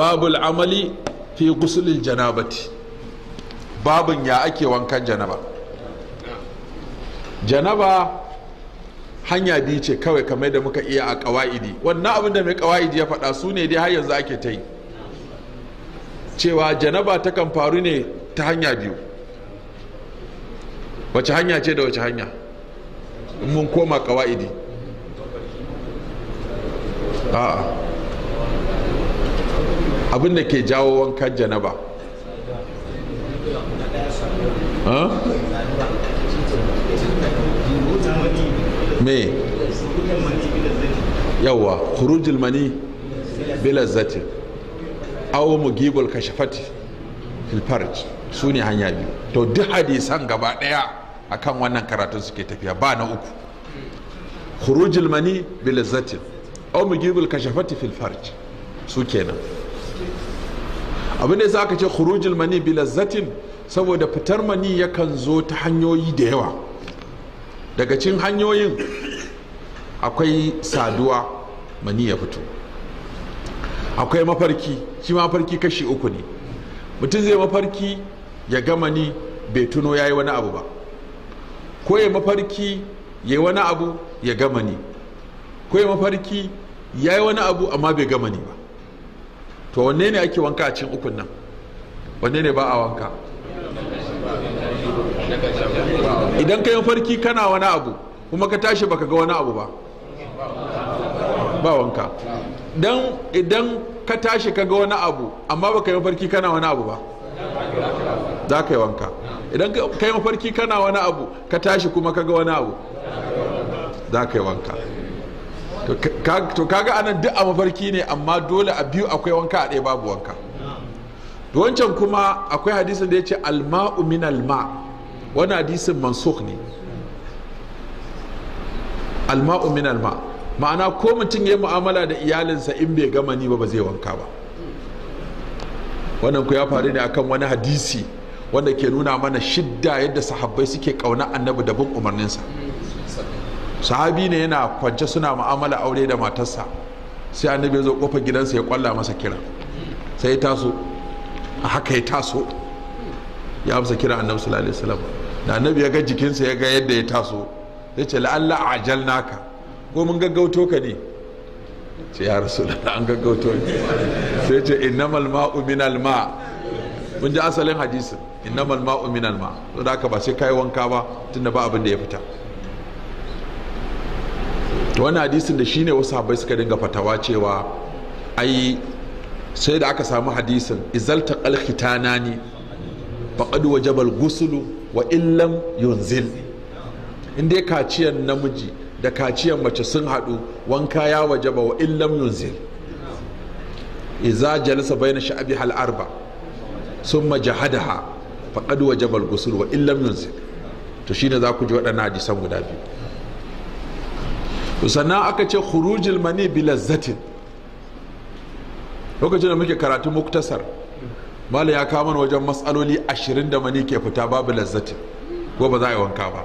babul amali fi gusulil janabati babin ya ake wankan janaba janaba hanya biyu ce kawai kamar da muka iya a kawa'idi wannan abin da mai kawa'idi ya faɗa su ne dai har yanzu ake ta yi cewa janaba takan faru ne ta hanya biyu Wacce hanya ce da wacce hanya mun koma kawa'idi a'a abin da ke jawo wankan janaba me yawwa khurujul mani awo mu mugibul kashafati fil farj su ne hanya biyu to duk hadisan gaba daya akan wannan karatun suke tafiya ba na uku khurujul mani awo mu mugibul kashafati fil farj su kenan abin da yasa aka ce khurujul mani bi lazzatin saboda fitar mani yakan zo ta hanyoyi da yawa daga cin hanyoyin akwai saduwa mani ya fito akwai mafarki shi mafarki kashi uku ne mutum zai mafarki ya ga mani bai tuno ya yi wani abu ba ko ya mafarki ya yi wani abu ya gama mani. ko ya mafarki ya yi wani abu amma bai gama mani ba to wanne ne ake wanka a cikin ukun nan wanne ne ba a wanka idan ka yi farki kana wani abu kuma ka tashi baka ga wani abu ba ba wanka dan idan ka tashi ka ga wani abu amma baka yi farki kana wani abu ba za ka yi wanka idan ka yi mafarki kana wani abu ka tashi kuma ka ga wani abu za ka yi wanka to kaga anan duk a mafarki ne amma dole a biyu akwai wanka a ɗaya babu wanka wancan kuma akwai hadisin da ya ce alma'u min alma wani hadisin mansuk ne alma'u min alma ma'ana ko mutum ya mu'amala da iyalinsa in bai gama ni ba ba zai wanka ba wannan ku ya faru ne akan wani hadisi wanda ke nuna mana shidda yadda sahabbai suke kauna annabi da bin umarninsa sahabi ne yana kwance suna mu'amala aure da matarsa sai annabi ya zo kofa gidansa ya kwalla masa kira sai ya taso a haka ya taso ya amsa kira annabi sallallahu alaihi wasallam da annabi ya ga jikinsa ya ga yadda ya taso ya ce la'alla ajal naka ko mun gaggauto ka ne ce ya rasu da an gaggauto ne sai ce innamal ma'u minal ma mun ji asalin hadisin innamal ma'u minal ma to da haka ba sai kai wanka ba tunda ba abin da ya fita to wani hadisin da shine wasu habai suka dinga fatawa cewa ai sai da aka samu hadisin izalta alkhitana ne faqad wa jabal gusulu wa illam yunzil in dai kaciyan namiji da kaciyan mace sun haɗu wanka ya wajaba wa illam yunzil iza jalasa bayna sha'abi hal arba summa ha faqad wa jabal gusulu wa illam yunzil to shine za ku ji waɗannan hadisan guda biyu sannan aka ce khurujul mani bi lazzatin lokacin da muke karatu muktasar malam ya kama wajen matsaloli ashirin da mani ke fita babu lazzatin ko ba za a yi wanka ba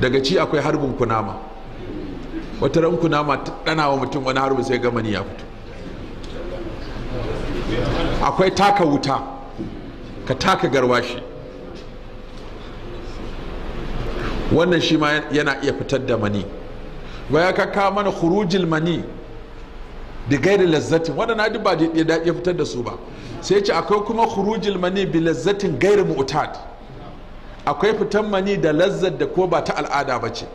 daga ci akwai harbin kunama wata ran kunama ta wa mutum wani harbi sai ga mani ya fito akwai taka wuta ka taka garwashi wannan shi ma yana iya fitar da mani wa ya kaka mana khurujil mani da gairi lazzatin waɗanda duk ba da ya fitar da su ba sai ce akwai kuma khurujil mani bi lazzatin gairi mu'tad akwai fitan mani da lazzat da ko ba ta al'ada ba ce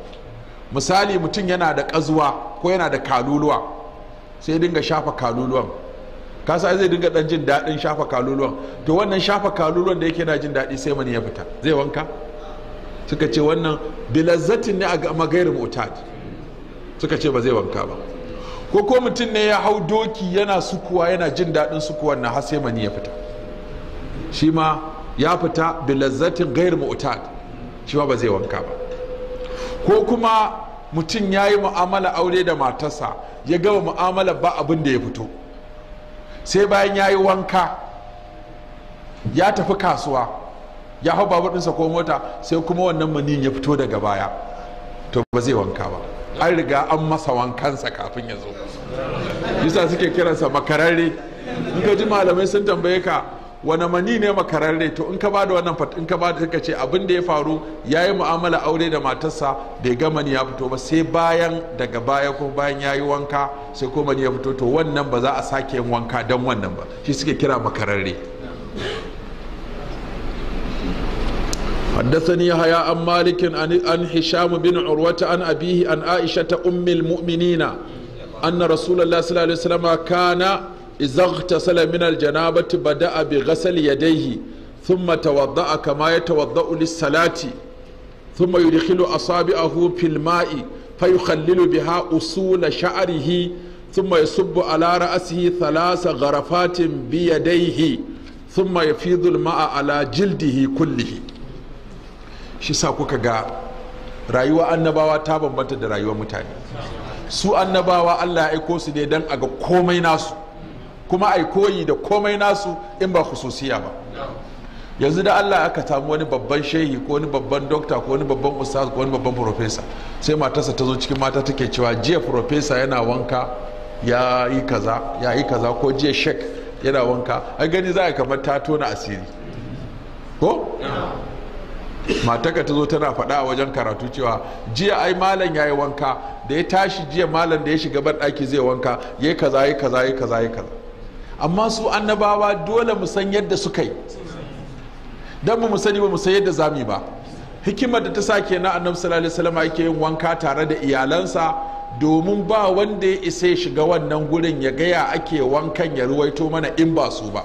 misali mutum yana da ƙazuwa ko yana da kaluluwa sai dinga shafa kaluluwan kasa zai dinga dan jin daɗin shafa kaluluwan to wannan shafa kaluluwan da yake na jin daɗi sai mani ya fita zai wanka suka ce wannan bi lazzatin ne a magairin mu'tad suka ce ba zai wanka ba ko ko mutum ne ya hau doki yana sukuwa yana jin daɗin sukuwa na har mani ya fita shi ma ya fita bi lazzatin gairu mu'tad shi ba zai wanka ba ko kuma mutum ya yi mu'amala aure da matarsa ya gaba mu'amala ba abin da ya fito sai bayan ya yi wanka ya tafi kasuwa ya hau babur ɗinsa ko mota sai kuma wannan manin ya fito daga baya to ba zai wanka ba an riga an masa wankansa kafin ya zo yasa suke kiransa makararre in ka ji malamai sun tambaye ka wani mani ne makararre to in ka ba da wannan fat in ka ba da suka ce abin da ya faru ya yi mu'amala aure da matarsa bai ga mani ya fito ba sai bayan daga baya ko bayan ya yi wanka sai ko mani ya fito to wannan ba za a sake yin wanka don wannan ba shi suke kira makararre حدثني يحيى عن مالك عن هشام بن عروة عن أبيه عن عائشة أم المؤمنين أن رسول الله صلى الله عليه وسلم كان إذا اغتسل من الجنابة بدأ بغسل يديه ثم توضأ كما يتوضأ للصلاة ثم يدخل أصابعه في الماء فيخلل بها أصول شعره ثم يصب على رأسه ثلاث غرفات بيديه ثم يفيض الماء على جلده كله shi sa kuka ga rayuwa annabawa ta bambanta da rayuwar mutane su annabawa allah ya aiko su ne don a ga komai nasu kuma aikoyi koyi da komai nasu in ba hususiya ba yanzu da allah aka samu wani babban shehi ko wani babban dokta ko wani babban ustaz ko wani babban profesa sai matarsa ta zo cikin mata take cewa jiya profesa yana wanka ya yi kaza ya yi kaza ko jiya shek yana wanka a gani za a kamar ta tona asiri ko mataka ta zo tana faɗa a wajen karatu cewa jiya ai malam ya yi wanka da ya tashi jiya malam da ya shiga banɗaki zai wanka ya yi kaza ya kaza ya kaza ya kaza amma su annabawa dole mu san yadda suka yi don mu sani ba mu san yadda zami ba hikimar da ta sa kenan annabi sallallahu alaihi wasallam yake yin wanka tare da iyalansa domin ba wanda ya isa ya shiga wannan gurin ya gaya ake wankan ya ruwaito mana in ba su ba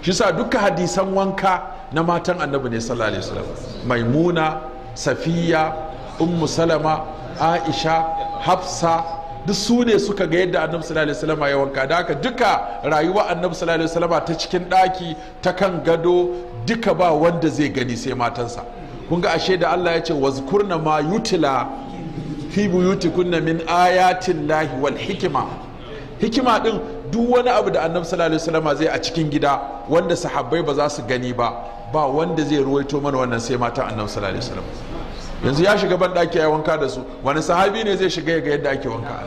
shi sa duka hadisan wanka na matan annabi ne sallallahu alaihi wasallam maimuna safiya ummu salama aisha hafsa duk su ne suka ga yadda annabi sallallahu alaihi wasallam ya wanka da haka duka rayuwa annabi sallallahu alaihi wasallam ta cikin daki ta kan gado duka ba wanda zai gani sai matansa kun ga ashe da Allah ya ce wazkurna ma yutila fi buyutikunna min ayatin lahi wal hikima hikima din duk wani abu da annabi sallallahu alaihi wasallam zai a cikin gida wanda sahabbai ba za su gani ba ba wanda zai ruwaito mana wannan sai mata annabi sallallahu alaihi wasallam yanzu ya shiga ban daki ya wanka da su wani sahabi ne zai shiga ya ga yadda ake wanka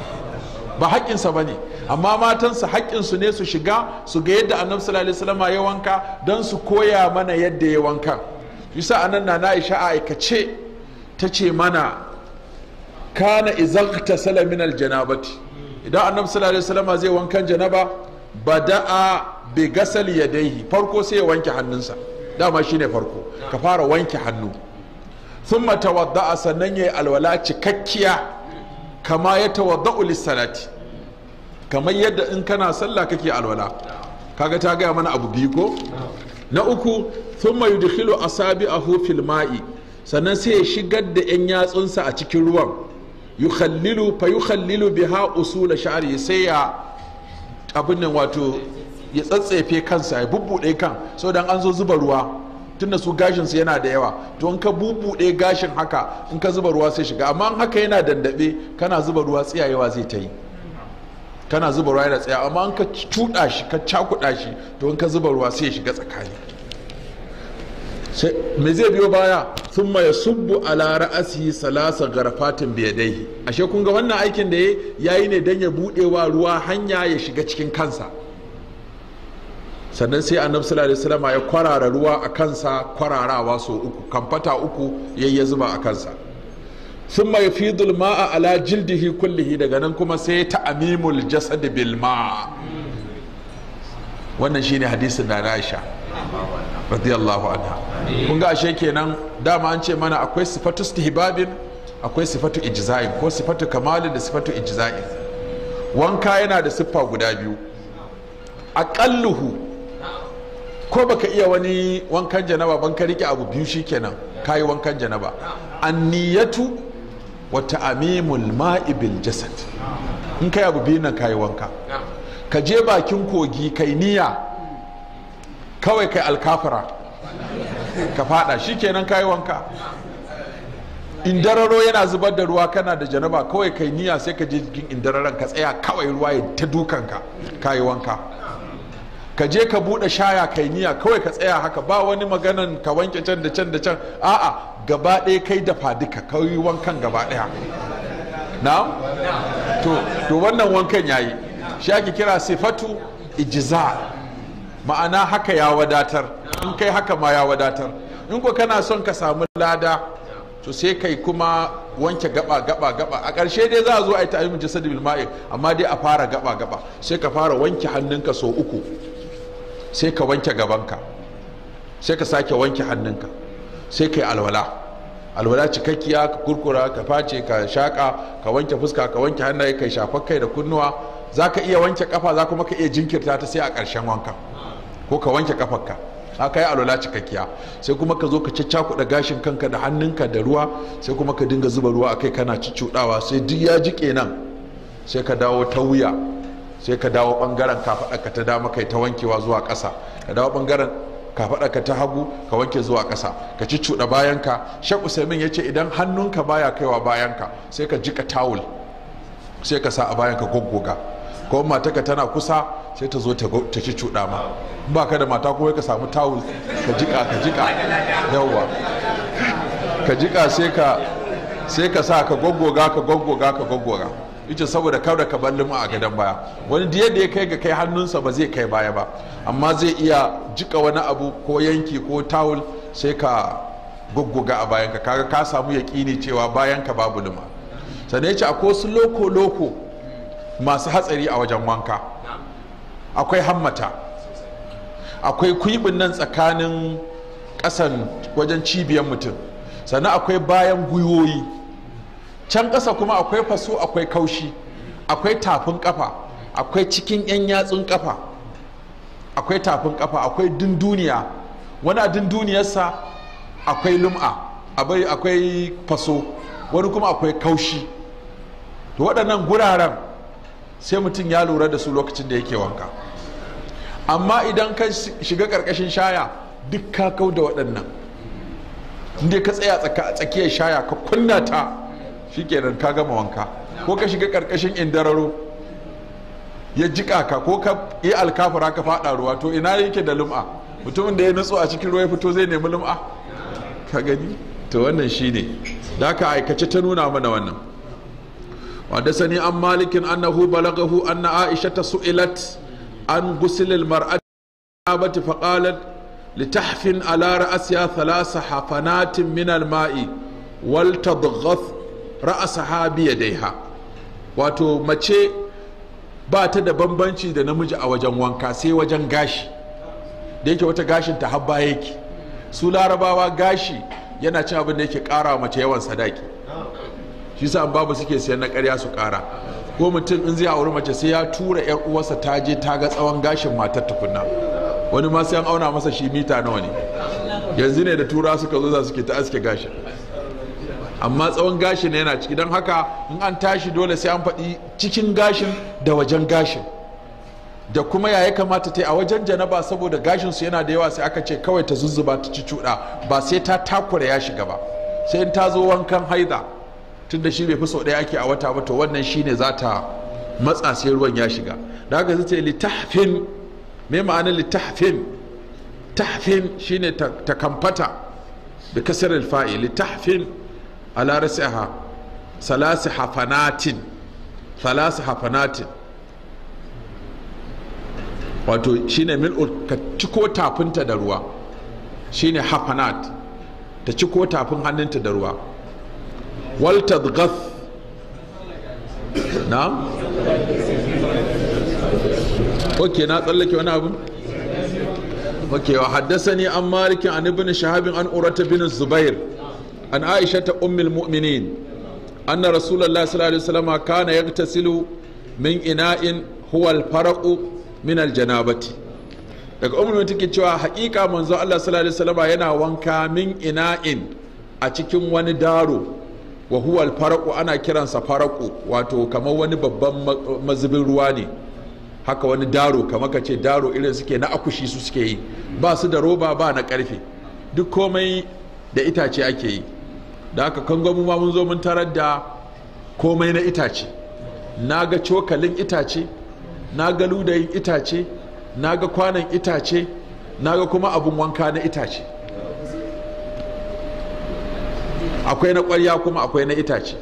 ba haƙƙinsa ba ne amma matansa haƙƙinsu ne su shiga su ga yadda annabi sallallahu alaihi wasallam ya wanka don su koya mana yadda ya wanka Yusa anan na Aisha a aikace ta ce mana kana izaqta salamin aljanabati idan annabi sallallahu alaihi wasallam zai wankan janaba bada'a bi ya yadayhi farko sai ya wanke hannunsa dama shine farko ka fara wanke hannu thumma a sannan yayi alwala cikakkiya kama ya tawadda'u lis kamar yadda in kana sallah kake alwala kaga ta gaya mana abu biyu ko na uku thumma yudkhilu a fil ma'i sannan sai ya shigar da yan yatsunsa a cikin ruwan yukhallilu fa yukhallilu biha usula sha'ri sai ya abin nan wato ya tsatsefe kansa ya bubbuɗe kan so dan an zo zuba ruwa tunda su gashinsu yana da yawa to in ka bubbuɗe gashin haka in ka zuba ruwa sai shiga amma in haka yana dandabe kana zuba ruwa tsiyayewa zai ta yi kana zuba ruwa yana tsaya amma in ka cuɗa shi ka cakuɗa shi to in ka zuba ruwa sai shiga tsakani me zai biyo baya sun ya subbu ala ra'asi salasa garafatin biyadai ashe kun ga wannan aikin da ya yi ne don ya buɗe wa ruwa hanya ya shiga cikin kansa sannan sai annabi sallallahu alaihi wasallam ya kwarara ruwa a kansa kwararawa so uku kamfata uku yayya zuba a kansa thumma yafidul ma'a ala jildihi kullihi daga nan kuma sai ta'mimul jasad bil ma'a wannan shine hadisin da Aisha radiyallahu anha kun ga ashe kenan dama an ce mana akwai sifatu istihbabin akwai sifatu ijza'in ko sifatu kamalin da sifatu ijza'in wanka yana da siffa guda biyu aqalluhu ko baka iya wani wankan janaba ban ka rike abu biyu shikenan kayi wankan janaba anniyatu wa ta'mimul ma'i bil jasad in kai abu biyu nan kayi wanka ka je bakin kogi kai niyya kawai kai alkafara ka fada shikenan kayi wanka indararo yana zubar da ruwa kana da janaba kawai kai niyya sai ka je jikin indararan ka tsaya kawai ruwa ya ta dukanka kayi wanka ka je ka buɗe shaya kai niya kawai ka tsaya haka ba wani maganan ka wanke can da can da can a'a gaba ɗaya kai dafa duka ka yi wankan gaba ɗaya na to to wannan wankan yayi shi ake kira sifatu ijiza. ma'ana haka ya wadatar in kai haka ma ya wadatar in ko kana son ka samu lada to sai kai kuma wanke gaba gaba gaba a ƙarshe dai za a zo a yi ta'ayyumin jasad bil amma dai a fara gaba gaba sai ka fara wanke hannunka sau uku sai ka wanke gabanka sai ka sake wanke hannunka sai ka yi alwala alwala cikakkiya ka kurkura ka face ka shaƙa ka wanke fuska ka wanke hannaye ka shafar kai da kunnuwa za ka iya wanke kafa za kuma ka iya jinkirta ta sai a ƙarshen wanka ko ka wanke kafarka ka yi alwala cikakkiya sai kuma ka zo ka caccakuɗa gashin kanka da hannunka da ruwa sai kuma ka dinga zuba ruwa a kai kana cuccuɗawa sai duk ya jiƙe nan sai ka dawo ta wuya sai ka dawo bangaren kafaɗarka ta dama kai ta wankewa zuwa ƙasa ka dawo bangaren kafaɗarka ta hagu ka wanke zuwa ƙasa ka ci cuɗa bayanka shaku sai ya ce idan hannunka baya kaiwa bayanka sai ka jika tawul sai ka sa a bayanka goggoga ko mataka tana kusa sai ta zo ta ci cuɗa ma ba ka da mata kuma ka samu tawul ka jika ka jika yawwa ka jika sai ka sai ka sa ka goggoga ka goggoga ka goggoga yace saboda kada ka bar limu a gadon baya wani da yadda ya kai ga kai hannunsa ba zai kai baya ba amma zai iya jika wani abu ko yanki ko tawul sai ka gugguga a bayanka kaga ka samu yaƙini cewa bayanka babu lima sannan ya akwai wasu loko-loko masu hatsari a wajen wanka akwai hammata akwai kuibin nan tsakanin ƙasan wajen cibiyar mutum sannan akwai bayan gwiwoyi can ƙasa kuma akwai faso akwai kaushi akwai tafin ƙafa akwai cikin 'yan yatsun kafa akwai tafin kafa akwai dunduniya wani a dunduniyarsa akwai lum'a akwai faso wani kuma akwai kaushi to waɗannan guraren sai mutum ya lura da su lokacin da yake wanka amma idan ka shiga ƙarƙashin shaya duk ka kau da waɗannan inda ka tsaya tsakiyar shaya ka kunna ta shikenan ka gama wanka ko ka shiga karkashin indararo ya jiƙa ka ko ka yi alkafura ka faɗa ruwa to ina yake da lum'a mutumin da ya nutsu a cikin ruwa ya fito zai nemi lum'a ka gani to wannan shine da ka aikace ta nuna mana wannan wanda sani an malikin annahu balagahu anna aisha ta su'ilat an gusilil mar'ad abati faqalat litahfin ala ra'asiha thalasa hafanatin minal ma'i wal ra'a sahabiya ha wato mace ba ta da bambanci da namiji a wajen wanka sai wajen gashi da yake wata gashin ta habba yake su larabawa gashi yana cin abin da yake kara mace yawan sadaki shi sa babu suke siyan na karya su kara ko mutum in zai auri mace sai ya tura yar uwarsa ta je ta ga tsawon gashin matar tukunna wani ma sai an auna masa shi mita nawa ne yanzu ne da tura suka zo za suke ta aske gashin amma tsawon gashin yana ciki don haka in an tashi dole sai an faɗi cikin gashin da wajen gashin da kuma ya ya kamata ta a wajen janaba saboda gashin su yana da yawa sai aka ce kawai ta zuzzuba ta ci cuɗa ba sai ta takura ya shiga ba sai in ta zo wankan haida tunda shi bai fi sau ɗaya ake a wata ba to wannan ne za ta matsa sai ruwan ya shiga da haka zai ce litafin me ma'anar litafin tahfin shine ta kamfata da kasar alfa'i litafin Alarasi aha salasi hafanatin salasi hafanatin wato shine mil'ul ka ciko tafinta da ruwa shine hafanat ta ciko tafin hannunta da ruwa wal gas na ok na tsallake wani abu ok wa haddasa ne an malikin an ibn shahabin an urata bin zubair an aisha ta ummul mu'minin anna rasulullahi sallallahu alaihi wasallam kana yagtasilu min ina'in huwa al min al-janabati daga ummul take cewa hakika manzo Allah sallallahu alaihi wasallam yana wanka min ina'in a cikin wani daro wa huwa al ana kiransa faraqu wato kamar wani babban mazubin ruwa ne haka wani daro kamar ka ce daro irin suke na akushi su suke yi ba su da roba ba na karfe duk komai da itace ake yi da aka kango mu ma mun zo mun tarar da komai na itace na ga cokalin itace na ga ludayin itace na ga kwanan itace na ga kuma abun wanka na itace akwai na kwarya kuma akwai na itace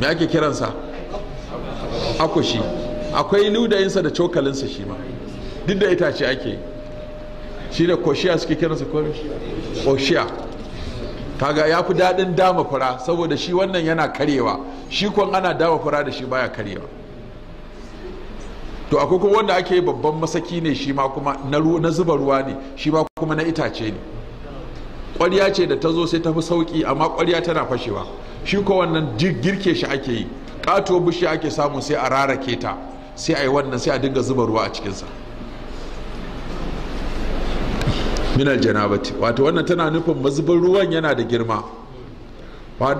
me ake kiransa akushi akwai ludayinsa da cokalinsa shi ma duk da itace ake yi shi da koshiya suke kiransa koshiya kaga ya fi daɗin dama fura saboda shi wannan yana karewa shi kwan ana dama fura da shi baya karewa to akwai kuma wanda ake babban masaki ne shi ma kuma na zuba ruwa ne shi ma kuma na itace ne ƙwarya ce da ta zo sai ta fi sauƙi amma ƙwarya tana fashewa shi ko wannan girke shi ake yi ƙato bishiya ake samu sai a rarake ta sai a yi wannan sai a dinga zuba ruwa a cikinsa minal tana nufin mazubin ruwan yana da girma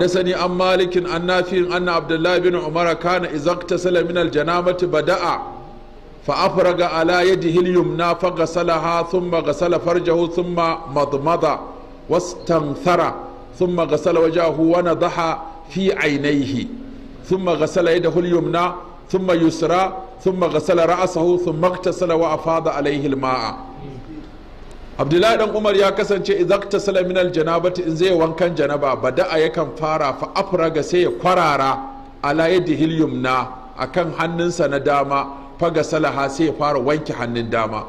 sani an malikin an anna abdullahi bin umar kana izakta bada'a fa afraga ala yadi hilyum na fa gasalaha thumma yusra thumma gasala ra'asahu thumma iktasala abdullahi dan umar ya kasance izakta salaminal janabati in zai wankan janaba bada'a yakan fara fa afraga sai ya kwarara ala na na akan hannunsa na dama faga salaha sai ya fara wanke hannun dama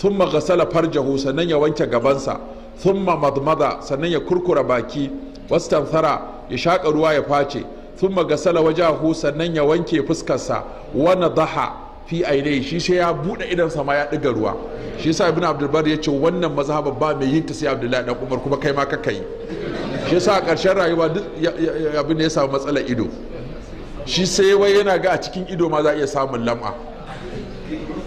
thumma gasala farjahu sannan ya wanke gabansa thumma madmada sannan ya kurkura baki wastanthara ya shaƙa ruwa ya face thumma ghasala wajahu sannan ya wanke fuskarsa wa nadaha fi ainihi shi sai ya buɗe idan sama ya ɗiga ruwa shi yasa ibn abdulbar ya ce wannan mazhaba ba mai yin ta sai abdullahi dan umar kuma kai ma ka kai shi sa a ƙarshen rayuwa duk abin da ya samu matsalar ido shi sai wai yana ga a cikin ido ma za a iya samun lam'a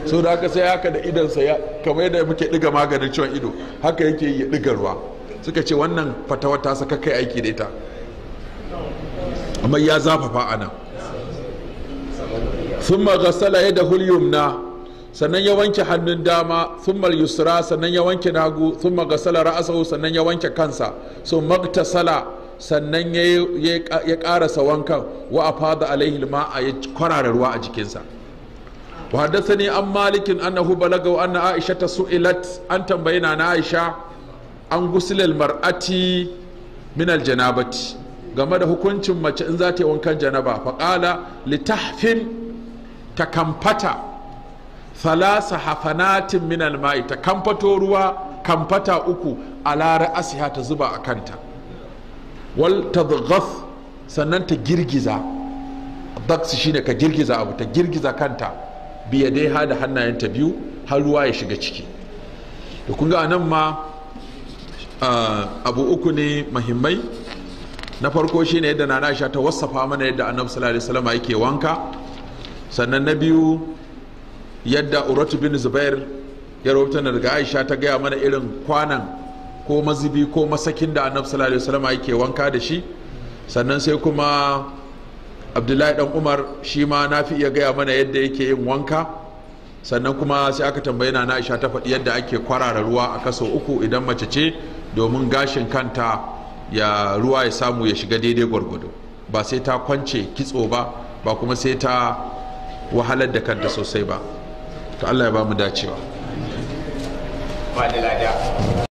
so da haka sai haka da idansa ya kamar yadda muke ɗiga maganin ciwon ido haka yake ya ɗiga ruwa suka ce wannan fatawa ta saka kai aiki da ita amma ya zafafa a nan thumma sala yadahu al-yumna sannan ya wanke hannun dama thumma al-yusra sannan ya wanke nagu thumma sala ra'asau sannan ya wanke kansa so magtasala sannan ya karasa wankan wa afada alaihi a ya kwarara ruwa a jikinsa wa haddathani an malikin annahu balagaw anna aisha ta su'ilat an tambayi na aisha an gusilal mar'ati min aljanabati game da hukuncin mace in za ta yi wankan janaba faƙala litahfin ta kamfata thalasa hafanatin minal ma'i ta kamfato ruwa kamfata uku a lara asiya ta zuba a kanta wal ta tadghath sannan ta girgiza daksi shine ka girgiza abu ta girgiza kanta biya dai ha da hannayenta biyu har ruwa ya shiga ciki da kun ga nan ma abu uku ne mahimmai na farko shine yadda nana sha ta wasafa mana yadda annabi sallallahu alaihi wasallam yake wanka sannan na biyu yadda urotu bin zubair ya rahoton daga aisha ta gaya mana irin kwanan ko mazibi ko masakin da annabi sallallahu alaihi wasallam yake wanka da shi sannan sai kuma abdullahi dan umar shi ma na fi iya gaya mana yadda yake yin wanka sannan kuma sai aka tambaye na aisha ta faɗi yadda ake kwarara ruwa a kaso uku idan mace ce domin gashin kanta ya ruwa ya samu ya shiga daidai gwargwado ba sai ta kwance kitso ba ba kuma sai ta wahalar da kanta sosai ba to Allah ya ba mu dacewa ba da lada